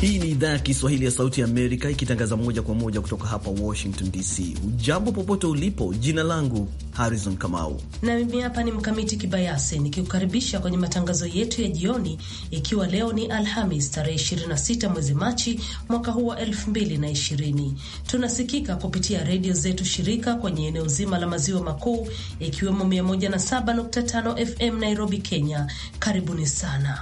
Hii ni idhaa ya Kiswahili ya Sauti ya Amerika ikitangaza moja kwa moja kutoka hapa Washington DC. Ujambo popote ulipo, jina langu Harrison Kamau na mimi hapa ni Mkamiti Kibayasi nikikukaribisha kwenye matangazo yetu ya jioni, ikiwa leo ni Alhamis tarehe 26 mwezi Machi mwaka huu wa 2020. Tunasikika kupitia redio zetu shirika kwenye eneo zima la maziwa makuu ikiwemo 107.5 FM Nairobi, Kenya. Karibuni sana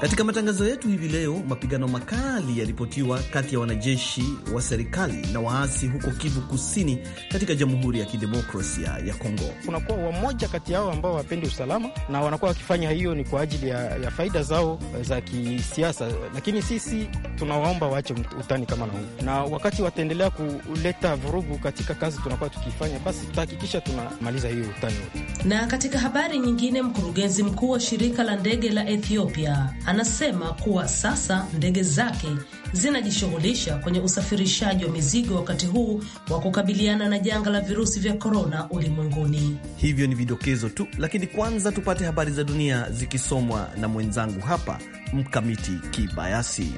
Katika matangazo yetu hivi leo, mapigano makali yaripotiwa kati ya wanajeshi wa serikali na waasi huko Kivu Kusini, katika Jamhuri ya Kidemokrasia ya Kongo. Kunakuwa wamoja kati yao ambao wapendi usalama na wanakuwa wakifanya hiyo ni kwa ajili ya, ya faida zao eh, za kisiasa, lakini sisi tunawaomba waache utani kama na huu, na wakati wataendelea kuleta vurugu katika kazi tunakuwa tukifanya, basi tutahakikisha tunamaliza hiyo utani wote. Na katika habari nyingine, mkurugenzi mkuu wa shirika la ndege la Ethiopia anasema kuwa sasa ndege zake zinajishughulisha kwenye usafirishaji wa mizigo wakati huu wa kukabiliana na janga la virusi vya korona ulimwenguni. Hivyo ni vidokezo tu, lakini kwanza tupate habari za dunia zikisomwa na mwenzangu hapa Mkamiti Kibayasi.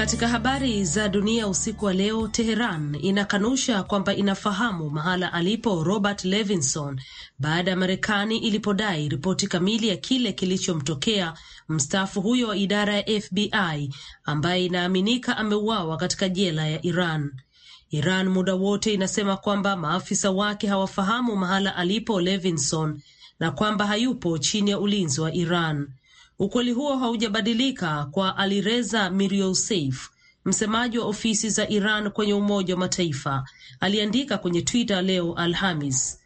Katika habari za dunia usiku wa leo, Teheran inakanusha kwamba inafahamu mahala alipo Robert Levinson baada ya Marekani ilipodai ripoti kamili ya kile kilichomtokea mstaafu huyo wa idara ya FBI ambaye inaaminika ameuawa katika jela ya Iran. Iran muda wote inasema kwamba maafisa wake hawafahamu mahala alipo Levinson na kwamba hayupo chini ya ulinzi wa Iran. Ukweli huo haujabadilika kwa Alireza Miriousef, msemaji wa ofisi za Iran kwenye Umoja wa Mataifa, aliandika kwenye Twitter leo Alhamis.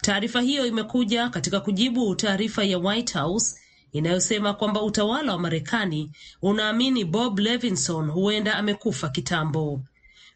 Taarifa hiyo imekuja katika kujibu taarifa ya White House inayosema kwamba utawala wa Marekani unaamini Bob Levinson huenda amekufa kitambo.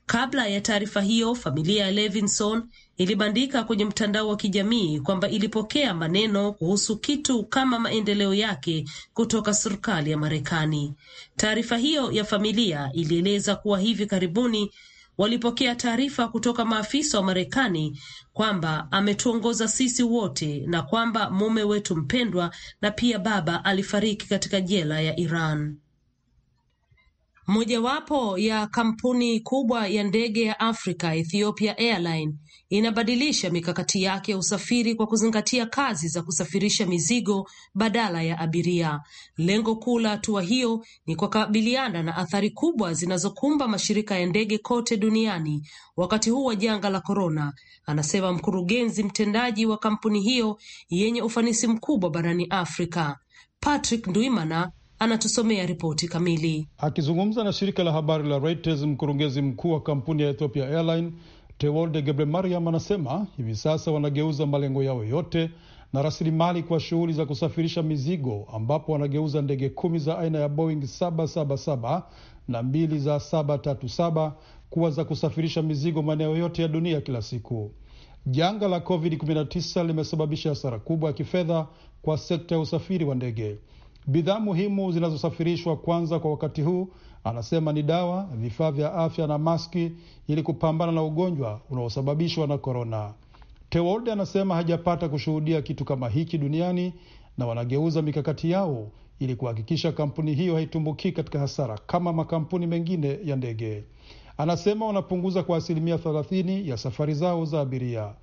Kabla ya taarifa hiyo, familia ya Levinson ilibandika kwenye mtandao wa kijamii kwamba ilipokea maneno kuhusu kitu kama maendeleo yake kutoka serikali ya Marekani. Taarifa hiyo ya familia ilieleza kuwa hivi karibuni walipokea taarifa kutoka maafisa wa Marekani kwamba ametuongoza sisi wote na kwamba mume wetu mpendwa na pia baba alifariki katika jela ya Iran. Mojawapo ya kampuni kubwa ya ndege ya Afrika, Ethiopia Airline, inabadilisha mikakati yake ya usafiri kwa kuzingatia kazi za kusafirisha mizigo badala ya abiria. Lengo kuu la hatua hiyo ni kukabiliana na athari kubwa zinazokumba mashirika ya ndege kote duniani wakati huu wa janga la korona, anasema mkurugenzi mtendaji wa kampuni hiyo yenye ufanisi mkubwa barani Afrika, Patrick Ndwimana anatusomea ripoti kamili. Akizungumza na shirika la habari la Reuters, mkurugenzi mkuu wa kampuni ya Ethiopia Airline Tewolde mariam anasema hivi sasa wanageuza malengo yao yote na rasilimali kwa shughuli za kusafirisha mizigo, ambapo wanageuza ndege kumi za aina ya Boeing 777 na mbili za 737 kuwa za kusafirisha mizigo maeneo yote ya dunia kila siku. Janga la COVID-19 limesababisha hasara kubwa ya kifedha kwa sekta ya usafiri wa ndege. Bidhaa muhimu zinazosafirishwa kwanza kwa wakati huu, anasema ni dawa, vifaa vya afya na maski ili kupambana na ugonjwa unaosababishwa na korona. Tewolde anasema hajapata kushuhudia kitu kama hiki duniani na wanageuza mikakati yao ili kuhakikisha kampuni hiyo haitumbukii katika hasara kama makampuni mengine ya ndege. Anasema wanapunguza kwa asilimia 30 ya safari zao za abiria.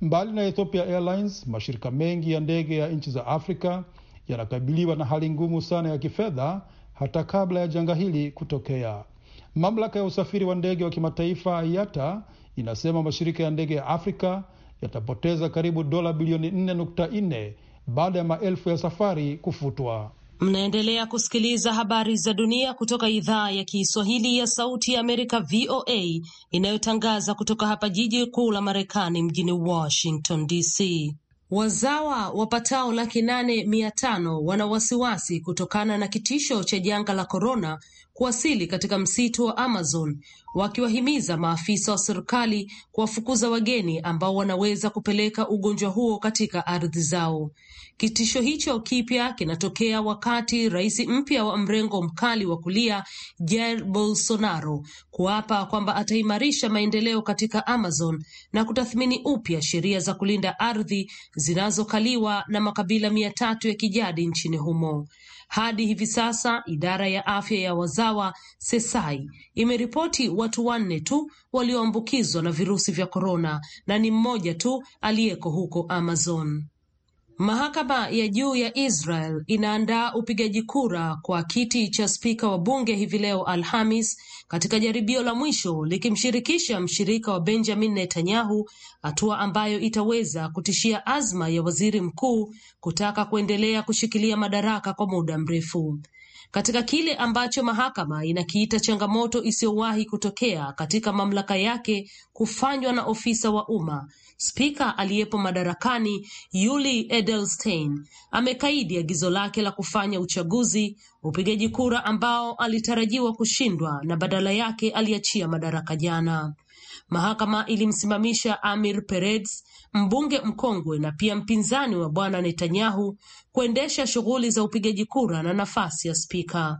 Mbali na Ethiopia Airlines, mashirika mengi ya ndege ya nchi za Afrika yanakabiliwa na hali ngumu sana ya kifedha hata kabla ya janga hili kutokea. Mamlaka ya usafiri wa ndege wa kimataifa IATA inasema mashirika ya ndege ya Afrika yatapoteza karibu dola bilioni 4.4 baada ya maelfu ya safari kufutwa. Mnaendelea kusikiliza habari za dunia kutoka idhaa ya Kiswahili ya Sauti ya Amerika, VOA, inayotangaza kutoka hapa jiji kuu la Marekani, mjini Washington DC. Wazawa wapatao laki nane mia tano wana wasiwasi kutokana na kitisho cha janga la korona kuwasili katika msitu wa Amazon wakiwahimiza maafisa wa serikali kuwafukuza wageni ambao wanaweza kupeleka ugonjwa huo katika ardhi zao. Kitisho hicho kipya kinatokea wakati rais mpya wa mrengo mkali wa kulia Jair Bolsonaro kuapa kwamba ataimarisha maendeleo katika Amazon na kutathmini upya sheria za kulinda ardhi zinazokaliwa na makabila mia tatu ya kijadi nchini humo. Hadi hivi sasa idara ya afya ya wazawa Sesai imeripoti watu wanne tu walioambukizwa na virusi vya korona na ni mmoja tu aliyeko huko Amazon. Mahakama ya Juu ya Israel inaandaa upigaji kura kwa kiti cha spika wa bunge hivi leo Alhamis, katika jaribio la mwisho likimshirikisha mshirika wa Benjamin Netanyahu, hatua ambayo itaweza kutishia azma ya waziri mkuu kutaka kuendelea kushikilia madaraka kwa muda mrefu. Katika kile ambacho mahakama inakiita changamoto isiyowahi kutokea katika mamlaka yake kufanywa na ofisa wa umma, Spika aliyepo madarakani Yuli Edelstein amekaidi agizo lake la kufanya uchaguzi, upigaji kura ambao alitarajiwa kushindwa na badala yake aliachia madaraka jana. Mahakama ilimsimamisha Amir Peretz, mbunge mkongwe na pia mpinzani wa bwana Netanyahu, kuendesha shughuli za upigaji kura na nafasi ya spika.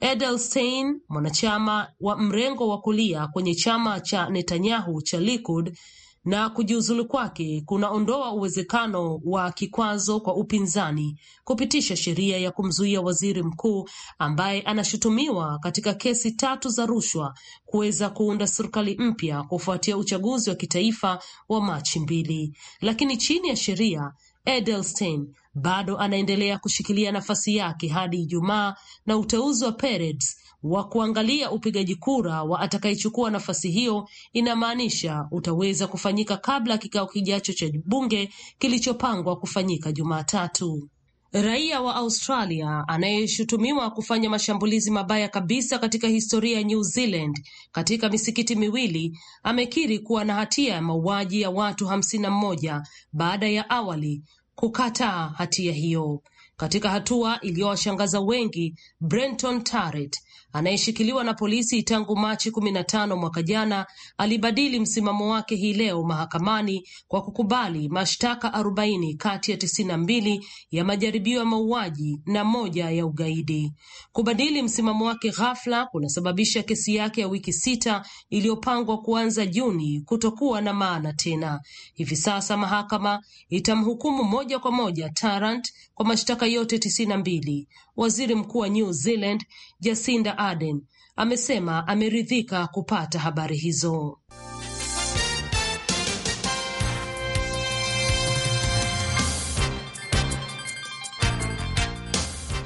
Edelstein, mwanachama wa mrengo wa kulia kwenye chama cha Netanyahu cha Likud, na kujiuzulu kwake kunaondoa uwezekano wa kikwazo kwa upinzani kupitisha sheria ya kumzuia waziri mkuu ambaye anashutumiwa katika kesi tatu za rushwa kuweza kuunda serikali mpya kufuatia uchaguzi wa kitaifa wa Machi mbili. Lakini chini ya sheria Edelstein bado anaendelea kushikilia nafasi yake hadi Ijumaa na uteuzi wa Peretz wa kuangalia upigaji kura wa atakayechukua nafasi hiyo, inamaanisha utaweza kufanyika kabla kikao kijacho cha bunge kilichopangwa kufanyika Jumatatu. Raia wa Australia anayeshutumiwa kufanya mashambulizi mabaya kabisa katika historia ya New Zealand katika misikiti miwili amekiri kuwa na hatia ya mauaji ya watu hamsini na mmoja baada ya awali kukataa hatia hiyo. Katika hatua iliyowashangaza wengi, Brenton Tarrett anayeshikiliwa na polisi tangu Machi kumi na tano mwaka jana alibadili msimamo wake hii leo mahakamani kwa kukubali mashtaka arobaini kati ya 92 mbili ya majaribio ya mauaji na moja ya ugaidi. Kubadili msimamo wake ghafla kunasababisha kesi yake ya wiki sita iliyopangwa kuanza Juni kutokuwa na maana tena. Hivi sasa mahakama itamhukumu moja kwa moja Tarant kwa mashtaka yote tisini na mbili. Waziri Mkuu wa New Zealand Jacinda Ardern amesema ameridhika kupata habari hizo.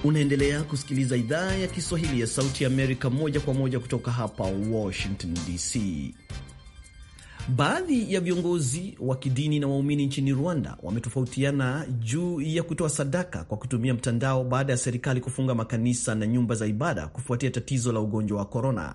Unaendelea kusikiliza idhaa ya Kiswahili ya Sauti ya Amerika moja kwa moja kutoka hapa Washington DC. Baadhi ya viongozi wa kidini na waumini nchini Rwanda wametofautiana juu ya kutoa sadaka kwa kutumia mtandao baada ya serikali kufunga makanisa na nyumba za ibada kufuatia tatizo la ugonjwa wa korona.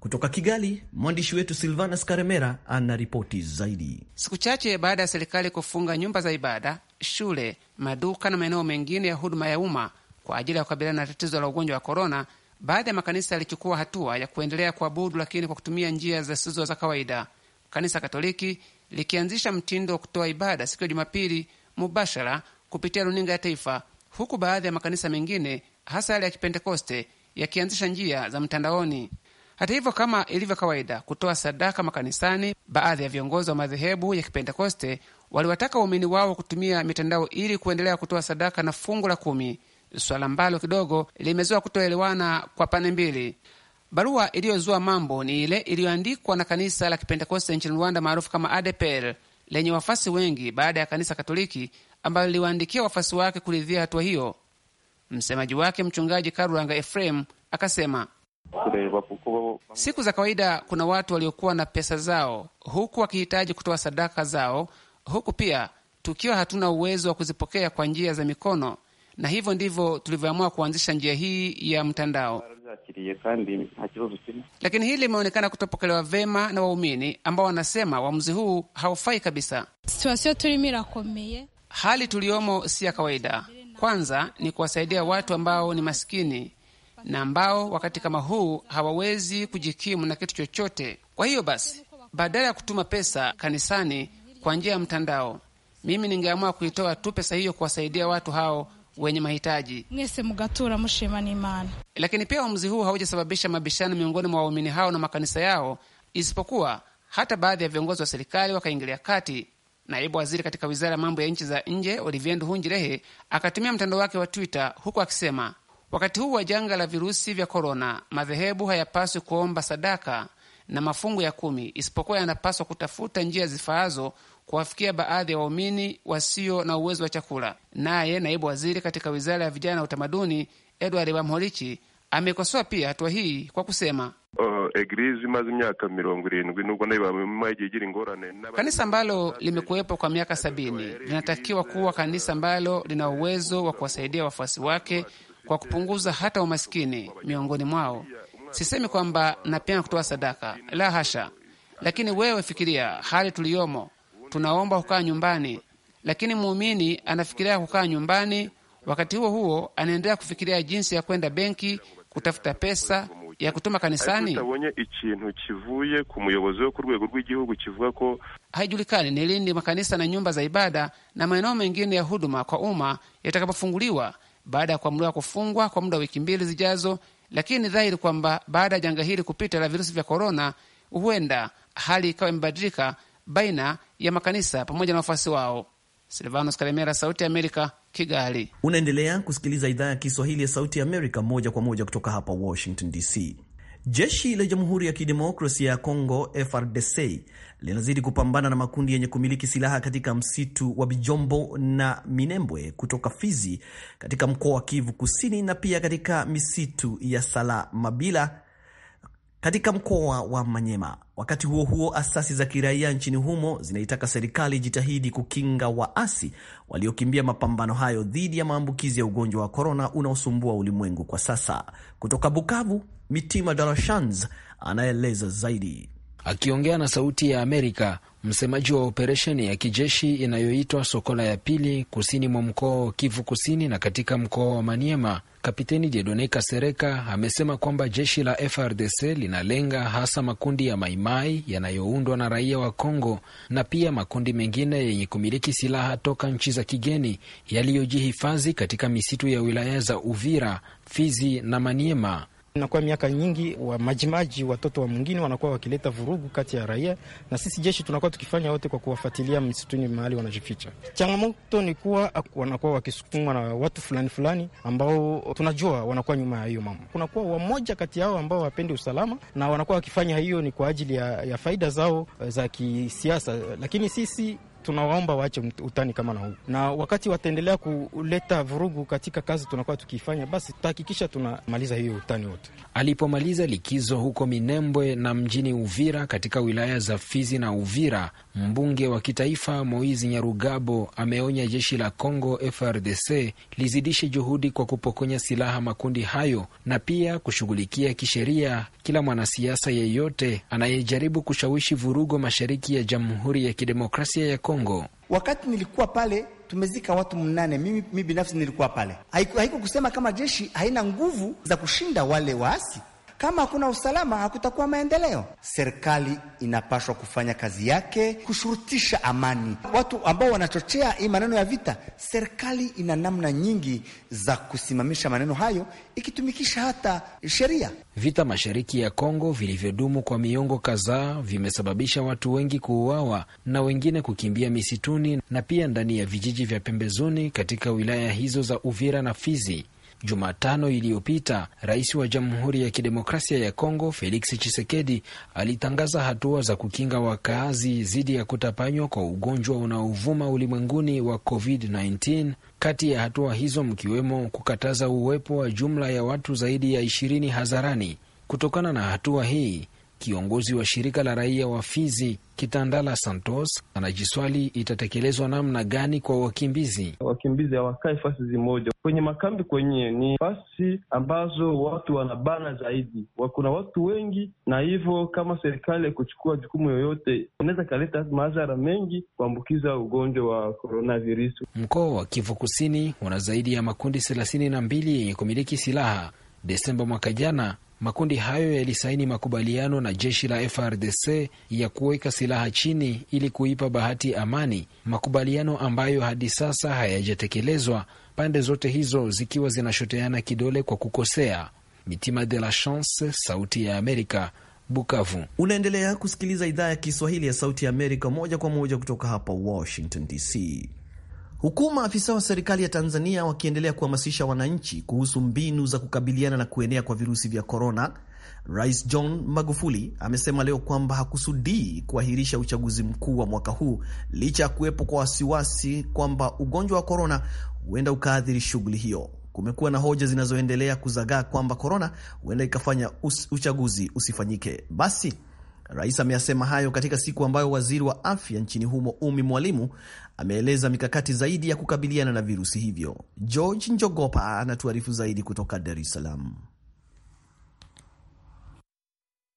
Kutoka Kigali, mwandishi wetu Silvanas Karemera ana ripoti zaidi. Siku chache baada ya serikali kufunga nyumba za ibada, shule, maduka na maeneo mengine ya huduma ya umma kwa ajili ya kukabiliana na tatizo la ugonjwa wa korona, baadhi ya makanisa yalichukua hatua ya kuendelea kuabudu, lakini kwa kutumia njia zisizo za kawaida. Kanisa Katoliki likianzisha mtindo wa kutoa ibada siku ya Jumapili mubashara kupitia runinga ya taifa, huku baadhi ya makanisa mengine hasa yale ya Kipentekoste yakianzisha njia za mtandaoni. Hata hivyo, kama ilivyo kawaida kutoa sadaka makanisani, baadhi ya viongozi wa madhehebu ya Kipentekoste waliwataka waumini wao kutumia mitandao ili kuendelea kutoa sadaka na fungu la kumi, swala ambalo kidogo limezua kutoelewana kwa pande mbili. Barua iliyozua mambo ni ile iliyoandikwa na kanisa la Kipentekoste nchini Rwanda maarufu kama adpl lenye wafasi wengi baada ya kanisa Katoliki ambalo liliwaandikia wafasi wake kuridhia hatua hiyo. Msemaji wake Mchungaji Karuranga Efrem akasema siku za kawaida kuna watu waliokuwa na pesa zao huku wakihitaji kutoa sadaka zao, huku pia tukiwa hatuna uwezo wa kuzipokea kwa njia za mikono, na hivyo ndivyo tulivyoamua kuanzisha njia hii ya mtandao zakiriye kandi nta kibazo lakini hili limeonekana kutopokelewa vema na waumini ambao wanasema uamuzi huu haufai kabisa. Hali tuliyomo si ya kawaida. Kwanza ni kuwasaidia watu ambao ni masikini na ambao wakati kama huu hawawezi kujikimu na kitu chochote. Kwa hiyo basi, badala ya kutuma pesa kanisani kwa njia ya mtandao, mimi ningeamua kuitoa tu pesa hiyo kuwasaidia watu hao wenye mahitaji. mwese mugatura mushima Lakini pia uamuzi huu haujasababisha mabishano miongoni mwa waumini hao na makanisa yao, isipokuwa hata baadhi ya viongozi wa serikali wakaingilia kati. Naibu waziri katika wizara ya mambo ya nchi za nje Olivier Nduhungirehe akatumia mtandao wake wa Twitter huku akisema, wakati huu wa janga la virusi vya korona, madhehebu hayapaswi kuomba sadaka na mafungu ya kumi, isipokuwa yanapaswa kutafuta njia zifaazo kuwafikia baadhi ya waumini wasio na uwezo wa chakula. Naye naibu waziri katika wizara ya vijana na utamaduni Edward Bamholichi amekosoa pia hatua hii kwa kusema oh, kanisa ambalo limekuwepo kwa miaka sabini linatakiwa kuwa kanisa ambalo lina uwezo wa kuwasaidia wafuasi wake kwa kupunguza hata umasikini miongoni mwao Sisemi kwamba napenda kutoa sadaka, la hasha, lakini wewe fikiria hali tuliyomo. Tunaomba kukaa nyumbani, lakini muumini anafikiria kukaa nyumbani, wakati huo huo anaendelea kufikiria jinsi ya kwenda benki kutafuta pesa ya kutuma kanisani. Haijulikani ni lini makanisa na nyumba za ibada na maeneo mengine ya huduma kwa umma yatakapofunguliwa baada ya kuamuliwa kufungwa kwa muda wa wiki mbili zijazo lakini ni dhahiri kwamba baada ya janga hili kupita la virusi vya korona, huenda hali ikawa imebadilika baina ya makanisa pamoja na wafuasi wao. Silvanos Karemera, Sauti ya Amerika, Kigali. Unaendelea kusikiliza idhaa ya Kiswahili ya Sauti ya Amerika moja kwa moja kutoka hapa Washington DC. Jeshi la Jamhuri ya Kidemokrasia ya congo frdc linazidi kupambana na makundi yenye kumiliki silaha katika msitu wa Bijombo na Minembwe kutoka Fizi katika mkoa wa Kivu Kusini na pia katika misitu ya Sala Mabila katika mkoa wa Manyema. Wakati huo huo, asasi za kiraia nchini humo zinaitaka serikali jitahidi kukinga waasi waliokimbia mapambano hayo dhidi ya maambukizi ya ugonjwa wa korona unaosumbua ulimwengu kwa sasa. Kutoka Bukavu, Mitima Darashans anaeleza zaidi. Akiongea na Sauti ya Amerika, msemaji wa operesheni ya kijeshi inayoitwa Sokola ya pili kusini mwa mkoa wa Kivu Kusini na katika mkoa wa Maniema, Kapiteni Jedone Kasereka amesema kwamba jeshi la FRDC linalenga hasa makundi ya Maimai yanayoundwa na raia wa Kongo na pia makundi mengine yenye kumiliki silaha toka nchi za kigeni yaliyojihifadhi katika misitu ya wilaya za Uvira, Fizi na Maniema inakuwa miaka nyingi wa majimaji, watoto wa mwingine wanakuwa wakileta vurugu kati ya raia na sisi jeshi, tunakuwa tukifanya wote kwa kuwafuatilia msituni mahali wanajificha. Changamoto ni kuwa wanakuwa wakisukumwa na watu fulani fulani ambao tunajua wanakuwa nyuma ya hiyo mambo. Kunakuwa wamoja kati yao ambao wapendi usalama na wanakuwa wakifanya hiyo ni kwa ajili ya, ya faida zao eh, za kisiasa, lakini sisi tunawaomba waache utani kama na huu, na wakati wataendelea kuleta vurugu katika kazi tunakuwa tukiifanya, basi tutahakikisha tunamaliza hiyo utani wote. Alipomaliza likizo huko Minembwe na mjini Uvira katika wilaya za Fizi na Uvira, mbunge wa kitaifa Moizi Nyarugabo ameonya jeshi la Congo FRDC lizidishe juhudi kwa kupokonya silaha makundi hayo na pia kushughulikia kisheria kila mwanasiasa yeyote anayejaribu kushawishi vurugo mashariki ya Jamhuri ya Kidemokrasia ya Kongo. Wakati nilikuwa pale tumezika watu mnane. Mimi, mimi binafsi nilikuwa pale. Haiko kusema kama jeshi haina nguvu za kushinda wale waasi kama hakuna usalama, hakutakuwa maendeleo. Serikali inapaswa kufanya kazi yake, kushurutisha amani. Watu ambao wanachochea hii maneno ya vita, serikali ina namna nyingi za kusimamisha maneno hayo, ikitumikisha hata sheria. Vita mashariki ya Kongo vilivyodumu kwa miongo kadhaa vimesababisha watu wengi kuuawa na wengine kukimbia misituni na pia ndani ya vijiji vya pembezoni katika wilaya hizo za Uvira na Fizi. Jumatano iliyopita rais wa Jamhuri ya Kidemokrasia ya Kongo Felix Tshisekedi alitangaza hatua za kukinga wakaazi dhidi ya kutapanywa kwa ugonjwa unaovuma ulimwenguni wa COVID-19. Kati ya hatua hizo mkiwemo kukataza uwepo wa jumla ya watu zaidi ya ishirini hadharani. Kutokana na hatua hii Kiongozi wa shirika la raia wa Fizi Kitandala Santos anajiswali itatekelezwa namna gani kwa wakimbizi. Wakimbizi hawakae fasi zimoja kwenye makambi, kwenye ni fasi ambazo watu wanabana zaidi, kuna watu wengi, na hivyo kama serikali ya kuchukua jukumu yoyote inaweza ikaleta madhara mengi kuambukiza ugonjwa wa coronavirus. Mkoa wa Kivu Kusini una zaidi ya makundi thelathini na mbili yenye kumiliki silaha. Desemba mwaka jana Makundi hayo yalisaini makubaliano na jeshi la FRDC ya kuweka silaha chini ili kuipa bahati amani, makubaliano ambayo hadi sasa hayajatekelezwa, pande zote hizo zikiwa zinashoteana kidole kwa kukosea. Mitima de la Chance, Sauti ya Amerika, Bukavu. Unaendelea kusikiliza idhaa ya Kiswahili ya Sauti ya Amerika moja kwa moja kutoka hapa Washington DC huku maafisa wa serikali ya Tanzania wakiendelea kuhamasisha wananchi kuhusu mbinu za kukabiliana na kuenea kwa virusi vya korona. Rais John Magufuli amesema leo kwamba hakusudii kuahirisha uchaguzi mkuu wa mwaka huu licha ya kuwepo kwa wasiwasi kwamba ugonjwa wa korona huenda ukaathiri shughuli hiyo. Kumekuwa na hoja zinazoendelea kuzagaa kwamba korona huenda ikafanya uchaguzi usifanyike. Basi rais ameyasema hayo katika siku ambayo waziri wa afya nchini humo Umi Mwalimu ameeleza mikakati zaidi ya kukabiliana na virusi hivyo. George Njogopa anatuarifu zaidi kutoka Dar es Salaam.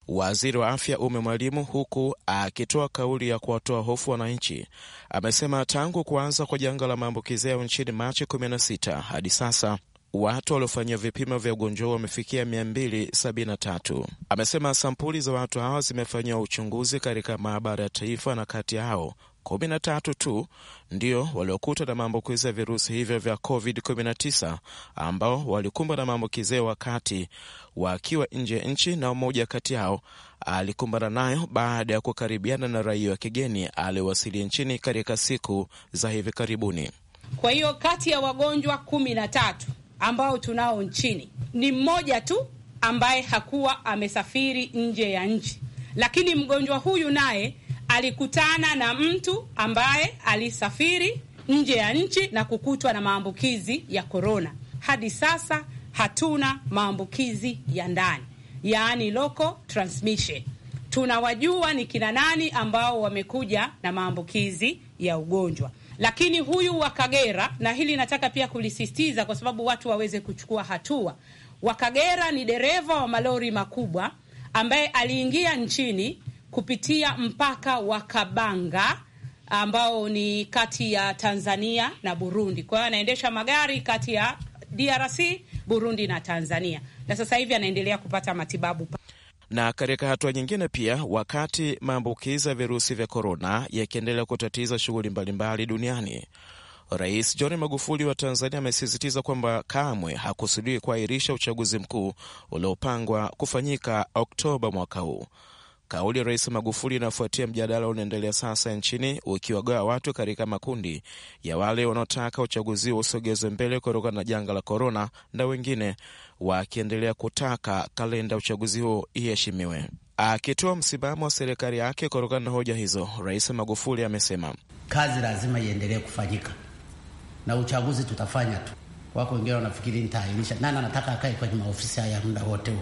Waziri wa Afya ume Mwalimu, huku akitoa kauli ya kuwatoa hofu wananchi, amesema tangu kuanza kwa janga la maambukizi yao nchini Machi 16 hadi sasa watu waliofanyia vipimo vya ugonjwa huo wamefikia 273. Amesema sampuli za watu hawa zimefanyiwa uchunguzi katika maabara ya taifa na kati yao kumi na tatu tu ndio waliokutwa na maambukizi ya virusi hivyo vya COVID-19 ambao walikumbwa na maambukizi wakati wakiwa nje ya nchi, na mmoja kati yao alikumbana nayo baada ya kukaribiana na raia wa kigeni aliyewasili nchini katika siku za hivi karibuni. Kwa hiyo kati ya wagonjwa kumi na tatu ambao tunao nchini ni mmoja tu ambaye hakuwa amesafiri nje ya nchi, lakini mgonjwa huyu naye alikutana na mtu ambaye alisafiri nje ya nchi na kukutwa na maambukizi ya korona. Hadi sasa hatuna maambukizi ya ndani, yaani local transmission. Tunawajua ni kina nani ambao wamekuja na maambukizi ya ugonjwa lakini huyu wa Kagera, na hili nataka pia kulisisitiza kwa sababu watu waweze kuchukua hatua. Wa Kagera ni dereva wa malori makubwa ambaye aliingia nchini kupitia mpaka wa Kabanga ambao ni kati ya Tanzania na Burundi. Kwa hiyo anaendesha magari kati ya DRC, Burundi na Tanzania, na sasa hivi anaendelea kupata matibabu. Na katika hatua nyingine pia, wakati maambukizi ya virusi vya korona yakiendelea kutatiza shughuli mbalimbali duniani, Rais John Magufuli wa Tanzania amesisitiza kwamba kamwe hakusudii kuahirisha uchaguzi mkuu uliopangwa kufanyika Oktoba mwaka huu. Kauli ya Rais Magufuli inafuatia mjadala unaendelea sasa nchini ukiwagawa watu katika makundi ya wale wanaotaka uchaguzi wa usogezwe mbele kutokana na janga la korona, na wengine wakiendelea kutaka kalenda uchaguzi huo iheshimiwe. Akitoa msimamo wa serikali yake kutokana na hoja hizo, Rais Magufuli amesema kazi lazima iendelee kufanyika na uchaguzi tutafanya tu. Wako wengine wanafikiri nitaahirisha. Nani anataka akae kwenye maofisi haya muda wote huo?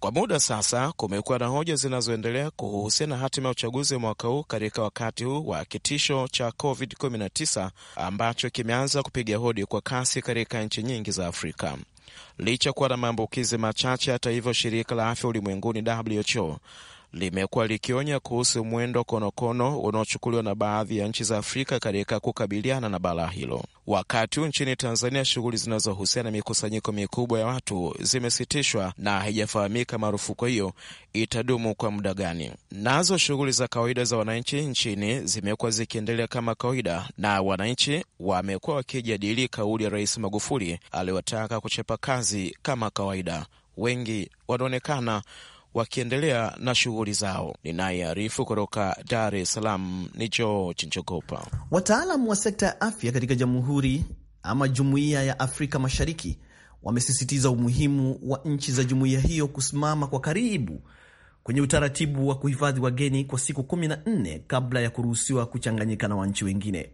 Kwa muda sasa kumekuwa na hoja zinazoendelea kuhusiana na hatima ya uchaguzi wa mwaka huu katika wakati huu wa kitisho cha COVID-19 ambacho kimeanza kupiga hodi kwa kasi katika nchi nyingi za Afrika licha kuwa na maambukizi machache. Hata hivyo, shirika la afya ulimwenguni WHO limekuwa likionya kuhusu mwendo konokono unaochukuliwa na baadhi ya nchi za Afrika katika kukabiliana na balaa hilo. Wakati huu nchini Tanzania, shughuli zinazohusiana na mikusanyiko mikubwa ya watu zimesitishwa na haijafahamika marufuku hiyo itadumu kwa muda gani. Nazo shughuli za kawaida za wananchi nchini zimekuwa zikiendelea kama kawaida, na wananchi wamekuwa wakijadili kauli ya Rais Magufuli aliyotaka kuchapa kazi kama kawaida. Wengi wanaonekana wakiendelea na shughuli zao. Ninayearifu kutoka Dar es Salaam ni George Njogopa. wataalam wa sekta ya afya katika jamhuri ama jumuiya ya Afrika Mashariki wamesisitiza umuhimu wa nchi za jumuiya hiyo kusimama kwa karibu kwenye utaratibu wa kuhifadhi wageni kwa siku 14 kabla ya kuruhusiwa kuchanganyika na wananchi wengine.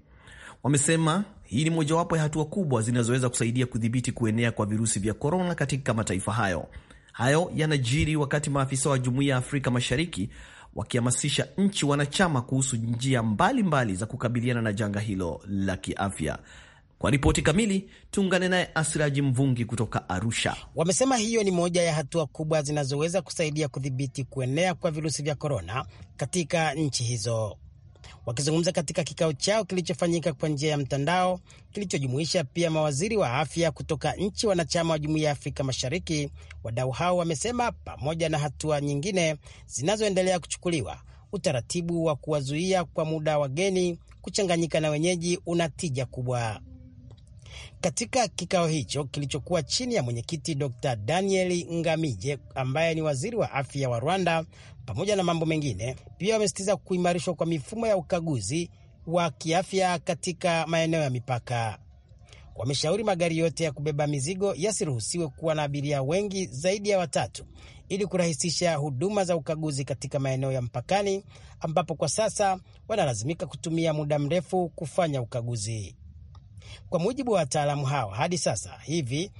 Wamesema hii ni mojawapo ya hatua kubwa zinazoweza kusaidia kudhibiti kuenea kwa virusi vya korona katika mataifa hayo. Hayo yanajiri wakati maafisa wa Jumuiya ya Afrika Mashariki wakihamasisha nchi wanachama kuhusu njia mbalimbali mbali za kukabiliana na janga hilo la kiafya. Kwa ripoti kamili tuungane naye Asiraji Mvungi kutoka Arusha. Wamesema hiyo ni moja ya hatua kubwa zinazoweza kusaidia kudhibiti kuenea kwa virusi vya korona katika nchi hizo. Wakizungumza katika kikao chao kilichofanyika kwa njia ya mtandao kilichojumuisha pia mawaziri wa afya kutoka nchi wanachama wa Jumuiya ya Afrika Mashariki, wadau hao wamesema pamoja na hatua nyingine zinazoendelea kuchukuliwa, utaratibu wa kuwazuia kwa muda wageni kuchanganyika na wenyeji una tija kubwa. Katika kikao hicho kilichokuwa chini ya mwenyekiti Dr Daniel Ngamije ambaye ni waziri wa afya wa Rwanda, pamoja na mambo mengine, pia wamesitiza kuimarishwa kwa mifumo ya ukaguzi wa kiafya katika maeneo ya mipaka. Wameshauri magari yote ya kubeba mizigo yasiruhusiwe kuwa na abiria wengi zaidi ya watatu ili kurahisisha huduma za ukaguzi katika maeneo ya mpakani ambapo kwa sasa wanalazimika kutumia muda mrefu kufanya ukaguzi. Kwa mujibu wa wataalamu hao, hadi sasa hivi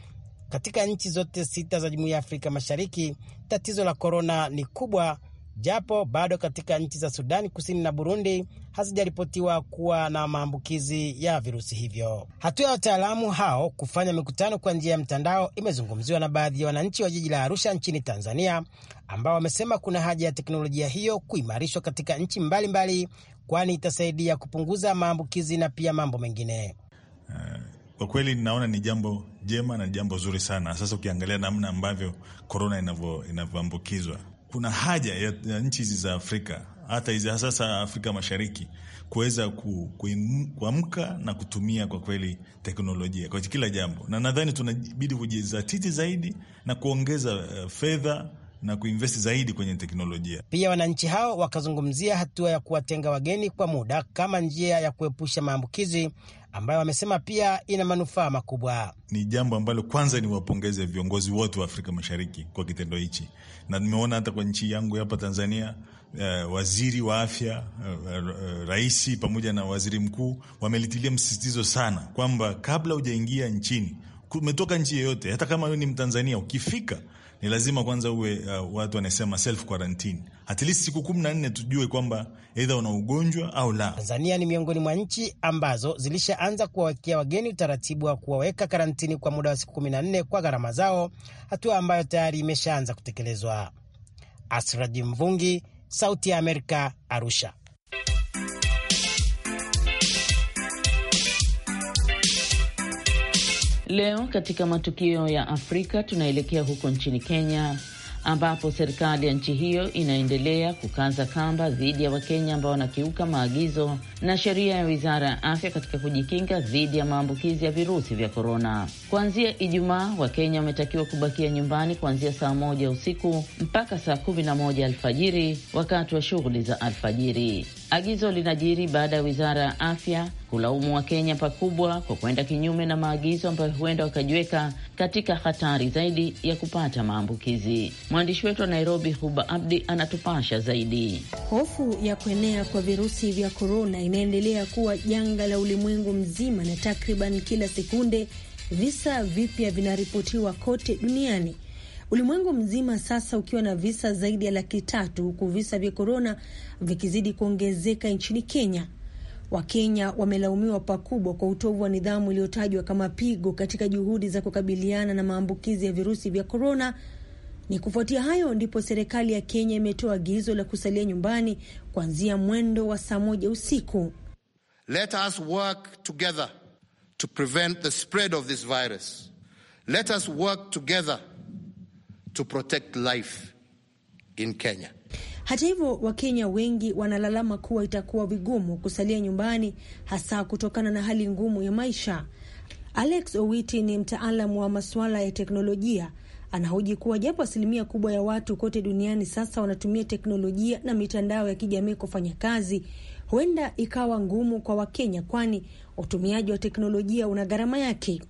katika nchi zote sita za Jumuiya ya Afrika Mashariki tatizo la korona ni kubwa, japo bado katika nchi za Sudani Kusini na Burundi hazijaripotiwa kuwa na maambukizi ya virusi hivyo. Hatua ya wataalamu hao kufanya mikutano kwa njia ya mtandao imezungumziwa na baadhi ya wananchi wa jiji la Arusha nchini Tanzania, ambao wamesema kuna haja ya teknolojia hiyo kuimarishwa katika nchi mbalimbali, kwani itasaidia kupunguza maambukizi na pia mambo mengine. Eh, kwa kweli ninaona ni jambo jema na ni jambo zuri sana, sasa ukiangalia namna ambavyo korona inavyoambukizwa. Kuna haja ya, ya nchi hizi za Afrika hata hizi sasa Afrika Mashariki kuweza kuamka na kutumia kwa kweli teknolojia kwa kila jambo, na nadhani tunabidi kujizatiti zaidi na kuongeza eh, fedha na kuinvesti zaidi kwenye teknolojia. Pia wananchi hao wakazungumzia hatua ya kuwatenga wageni kwa muda kama njia ya kuepusha maambukizi ambayo wamesema pia ina manufaa makubwa. Ni jambo ambalo kwanza ni wapongeze viongozi wote wa Afrika Mashariki kwa kitendo hichi, na nimeona hata kwa nchi yangu hapa Tanzania eh, waziri wa afya eh, eh raisi pamoja na waziri mkuu wamelitilia msisitizo sana kwamba kabla hujaingia nchini, umetoka nchi yoyote, hata kama wewe ni Mtanzania, ukifika ni lazima kwanza uwe uh, watu wanasema self quarantine at least siku kumi na nne tujue kwamba eidha una ugonjwa au la. Tanzania ni miongoni mwa nchi ambazo zilishaanza kuwawekea wageni utaratibu wa kuwaweka karantini kwa muda wa siku kumi na nne kwa gharama zao, hatua ambayo tayari imeshaanza kutekelezwa. Asraji Mvungi, Sauti ya Amerika, Arusha. Leo katika matukio ya Afrika tunaelekea huko nchini Kenya ambapo serikali ya nchi hiyo inaendelea kukaza kamba dhidi ya Wakenya ambao wanakiuka maagizo na sheria ya Wizara ya Afya katika kujikinga dhidi ya maambukizi ya virusi vya korona. Kuanzia Ijumaa, Wakenya wametakiwa kubakia nyumbani kuanzia saa moja usiku mpaka saa kumi na moja alfajiri wakati wa shughuli za alfajiri. Agizo linajiri baada ya wizara ya afya kulaumu Wakenya pakubwa kwa kwenda kinyume na maagizo ambayo huenda wakajiweka katika hatari zaidi ya kupata maambukizi. Mwandishi wetu wa Nairobi, Huba Abdi, anatupasha zaidi. Hofu ya kuenea kwa virusi vya korona inaendelea kuwa janga la ulimwengu mzima na takriban kila sekunde visa vipya vinaripotiwa kote duniani, ulimwengu mzima sasa ukiwa na visa zaidi ya laki tatu huku visa vya korona vikizidi kuongezeka nchini Kenya. Wakenya wamelaumiwa pakubwa kwa utovu wa nidhamu iliyotajwa kama pigo katika juhudi za kukabiliana na maambukizi ya virusi vya korona. Ni kufuatia hayo ndipo serikali ya Kenya imetoa agizo la kusalia nyumbani kuanzia mwendo wa saa moja usiku. Let us work together to prevent the spread of this virus. Let us work together to protect life in Kenya. Hata hivyo, Wakenya wengi wanalalama kuwa itakuwa vigumu kusalia nyumbani hasa kutokana na hali ngumu ya maisha. Alex Owiti ni mtaalamu wa masuala ya teknolojia. Anahoji kuwa japo asilimia kubwa ya watu kote duniani sasa wanatumia teknolojia na mitandao ya kijamii kufanya kazi, huenda ikawa ngumu kwa Wakenya, kwani utumiaji wa teknolojia una gharama yake.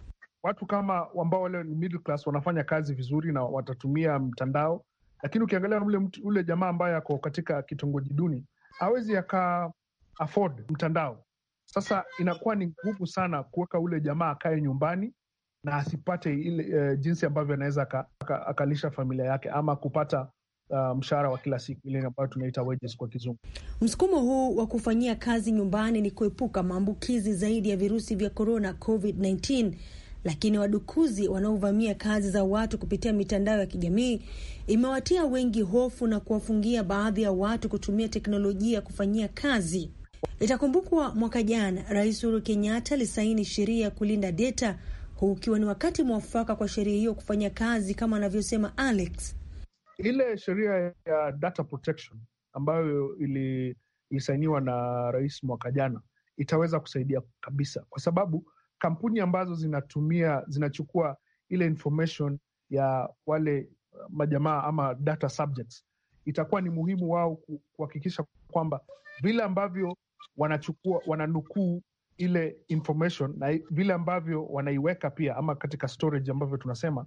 Watu kama ambao leo ni middle class wanafanya kazi vizuri na watatumia mtandao, lakini ukiangalia ule, ule jamaa ambaye ako katika kitongoji duni awezi akaa afford mtandao. Sasa inakuwa ni ngumu sana kuweka ule jamaa akae nyumbani na asipate ile, e, jinsi ambavyo anaweza akalisha familia yake ama kupata uh, mshahara wa kila siku ile ambayo tunaita wages kwa kizungu. Msukumo huu wa kufanyia kazi nyumbani ni kuepuka maambukizi zaidi ya virusi vya korona COVID-19, lakini wadukuzi wanaovamia kazi za watu kupitia mitandao ya kijamii imewatia wengi hofu na kuwafungia baadhi ya watu kutumia teknolojia kufanyia kazi. Itakumbukwa mwaka jana Rais Uhuru Kenyatta alisaini sheria ya kulinda deta, huu ukiwa ni wakati mwafaka kwa sheria hiyo kufanya kazi, kama anavyosema Alex ile sheria ya data protection ambayo ili, ilisainiwa na rais mwaka jana itaweza kusaidia kabisa, kwa sababu kampuni ambazo zinatumia zinachukua ile information ya wale uh, majamaa ama data subjects, itakuwa ni muhimu wao kuhakikisha kwamba vile ambavyo wanachukua wananukuu ile information na vile ambavyo wanaiweka pia ama katika storage ambavyo tunasema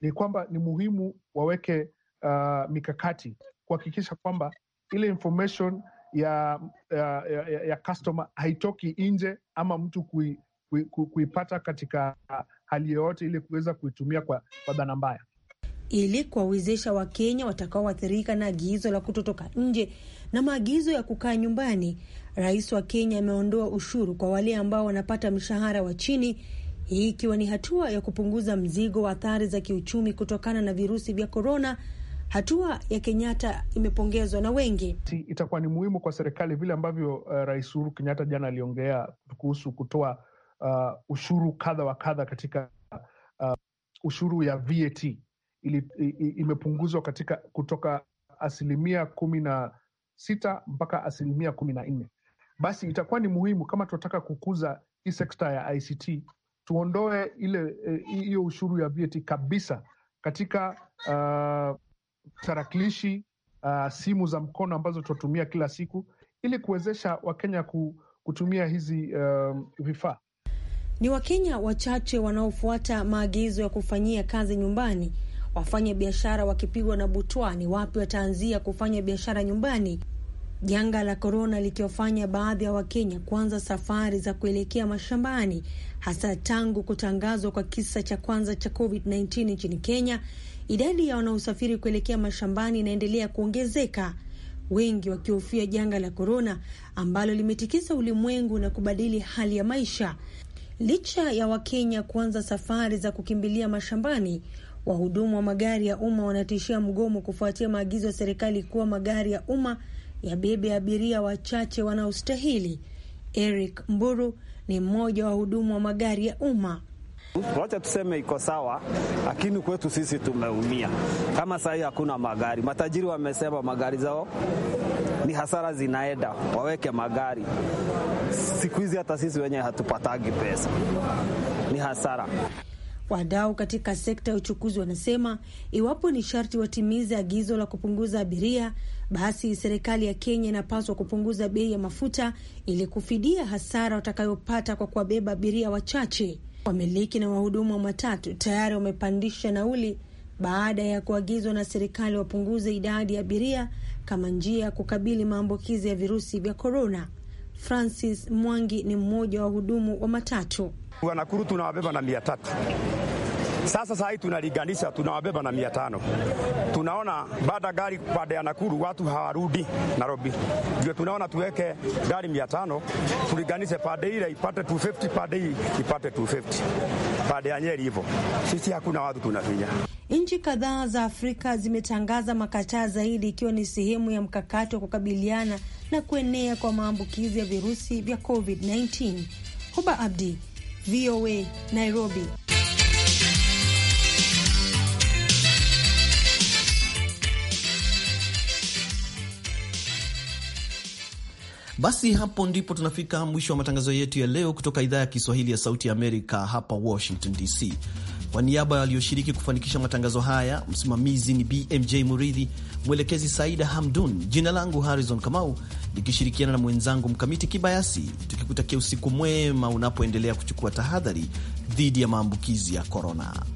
ni kwamba ni muhimu waweke uh, mikakati kuhakikisha kwamba ile information ya, ya, ya, ya customer haitoki nje ama mtu kui, kui, kui, kuipata katika uh, hali yoyote ili kuweza kuitumia kwa, kwa dhana mbaya ili kuwawezesha Wakenya watakaoathirika na agizo la kutotoka nje na maagizo ya kukaa nyumbani, rais wa Kenya ameondoa ushuru kwa wale ambao wanapata mshahara wa chini, hii ikiwa ni hatua ya kupunguza mzigo wa athari za kiuchumi kutokana na virusi vya korona Hatua ya Kenyatta imepongezwa na wengi. Itakuwa ni muhimu kwa serikali vile ambavyo uh, Rais Uhuru Kenyatta jana aliongea kuhusu kutoa uh, ushuru kadha wa kadha katika uh, ushuru ya VAT imepunguzwa katika kutoka asilimia kumi na sita mpaka asilimia kumi na nne. Basi itakuwa ni muhimu kama tunataka kukuza hii sekta ya ICT tuondoe ile eh, hiyo ushuru ya VAT kabisa katika uh, tarakilishi, uh, simu za mkono ambazo tunatumia kila siku ili kuwezesha Wakenya kutumia hizi uh, vifaa. Ni Wakenya wachache wanaofuata maagizo ya kufanyia kazi nyumbani. Wafanya biashara wakipigwa na butwa, ni wapi wataanzia kufanya biashara nyumbani? Janga la korona likiwafanya baadhi ya Wakenya kuanza safari za kuelekea mashambani, hasa tangu kutangazwa kwa kisa cha kwanza cha COVID-19 nchini Kenya, idadi ya wanaosafiri kuelekea mashambani inaendelea kuongezeka, wengi wakihofia janga la korona ambalo limetikisa ulimwengu na kubadili hali ya maisha. Licha ya Wakenya kuanza safari za kukimbilia mashambani, wahudumu wa magari ya umma wanatishia mgomo kufuatia maagizo ya serikali kuwa magari ya umma yabebe abiria wachache wanaostahili. Eric Mburu ni mmoja wa wahudumu wa magari ya umma. Wacha tuseme iko sawa, lakini kwetu sisi tumeumia. Kama sahii hakuna magari, matajiri wamesema magari zao ni hasara zinaenda, waweke magari. Siku hizi hata sisi wenyewe hatupatagi pesa, ni hasara. Wadau katika sekta ya uchukuzi wanasema iwapo ni sharti watimize agizo la kupunguza abiria, basi serikali ya Kenya inapaswa kupunguza bei ya mafuta ili kufidia hasara watakayopata kwa kuwabeba abiria wachache. Wamiliki na wahudumu wa matatu tayari wamepandisha nauli baada ya kuagizwa na serikali wapunguze idadi ya abiria kama njia ya kukabili maambukizi ya virusi vya korona. Francis Mwangi ni mmoja wa wahudumu wa matatu. Wanakuru tunawabeba na mia tatu sasa saa hii tunaliganisha, tunawabeba na mia tano. Tunaona baada gari baada ya Nakuru watu hawarudi Nairobi, ndio tunaona tuweke gari mia tano tuliganishe, pade ile ipate 250, pade hii ipate 250, pade ya Nyeri hivyo. Sisi hakuna watu tunafinya. Nchi kadhaa za Afrika zimetangaza makataa zaidi, ikiwa ni sehemu ya mkakati wa kukabiliana na kuenea kwa maambukizi ya virusi vya COVID-19. Huba Abdi, VOA, Nairobi. Basi hapo ndipo tunafika mwisho wa matangazo yetu ya leo kutoka idhaa ya Kiswahili ya Sauti ya Amerika hapa Washington DC. Kwa niaba ya walioshiriki kufanikisha matangazo haya, msimamizi ni BMJ Muridhi, mwelekezi Saida Hamdun, jina langu Harrison Kamau nikishirikiana na mwenzangu Mkamiti Kibayasi, tukikutakia usiku mwema unapoendelea kuchukua tahadhari dhidi ya maambukizi ya korona.